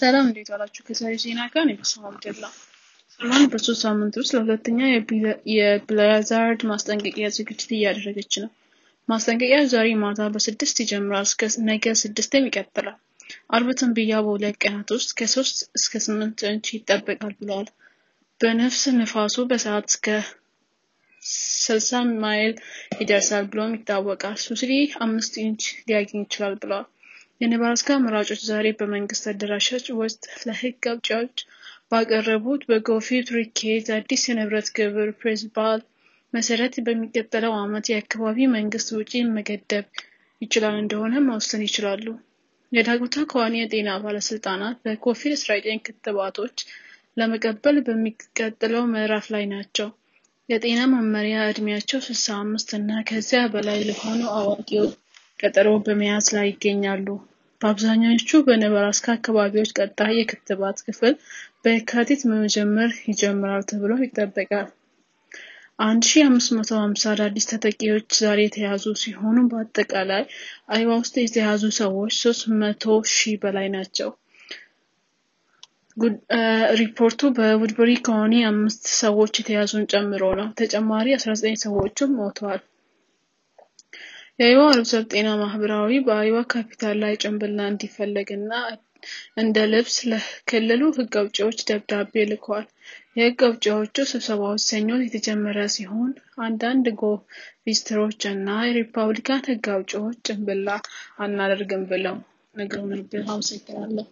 ሰላም እንዴት ዋላችሁ? ከዛሬ ዜና ጋር ነው ብስም አብደላ። ሰላም በሶስት ሳምንት ውስጥ ለሁለተኛ የብላዛርድ ማስጠንቀቂያ ዝግጅት እያደረገች ነው። ማስጠንቀቂያ ዛሬ ማታ በስድስት ይጀምራል እስከ ነገ ስድስትም ይቀጥላል። አርብ ትንበያ በሁለት ቀናት ውስጥ ከሶስት እስከ ስምንት እንች ይጠበቃል ብለዋል። በነፍስ ንፋሱ በሰዓት እስከ ስልሳ ማይል ይደርሳል ብሎም ይታወቃል። ሱስሪ አምስት ኢንች ሊያገኝ ይችላል ብለዋል። የኔብራስካ መራጮች ዛሬ በመንግስት አዳራሽ ውስጥ ለህግ አውጪዎች ባቀረቡት በጎፊት ሪኬት አዲስ የንብረት ግብር ፕሪንሲፓል መሰረት በሚቀጥለው ዓመት የአካባቢ መንግስት ውጪ መገደብ ይችላል እንደሆነ መወሰን ይችላሉ። የዳኮታ ከዋኒ የጤና ባለስልጣናት በኮቪድ-19 ክትባቶች ለመቀበል በሚቀጥለው ምዕራፍ ላይ ናቸው። የጤና መመሪያ ዕድሜያቸው 65 እና ከዚያ በላይ ለሆኑ አዋቂዎች ቀጠሮ በመያዝ ላይ ይገኛሉ። በአብዛኛዎቹ በነበራስካ አካባቢዎች ቀጣይ የክትባት ክፍል በየካቲት መጀመር ይጀምራል ተብሎ ይጠበቃል። 1550 አዳዲስ ተጠቂዎች ዛሬ የተያዙ ሲሆኑ በአጠቃላይ አይዋ ውስጥ የተያዙ ሰዎች 300 ሺህ በላይ ናቸው። ሪፖርቱ በውድበሪ ከሆነ አምስት ሰዎች የተያዙን ጨምሮ ነው። ተጨማሪ 19 ሰዎችም ሞተዋል። የአይዋ ህብረተሰብ ጤና ማህበራዊ በአይዋ ካፒታል ላይ ጭንብላ እንዲፈለግና እንደ ልብስ ለክልሉ ህግ አውጪዎች ደብዳቤ ልኳል። የህግ አውጪዎቹ ስብሰባዎች ሰኞ የተጀመረ ሲሆን አንዳንድ ቪስትሮች እና የሪፐብሊካን ህግ አውጪዎች ጭንብላ አናደርግም ብለው ነግረውናል ነበር። አመሰግናለሁ።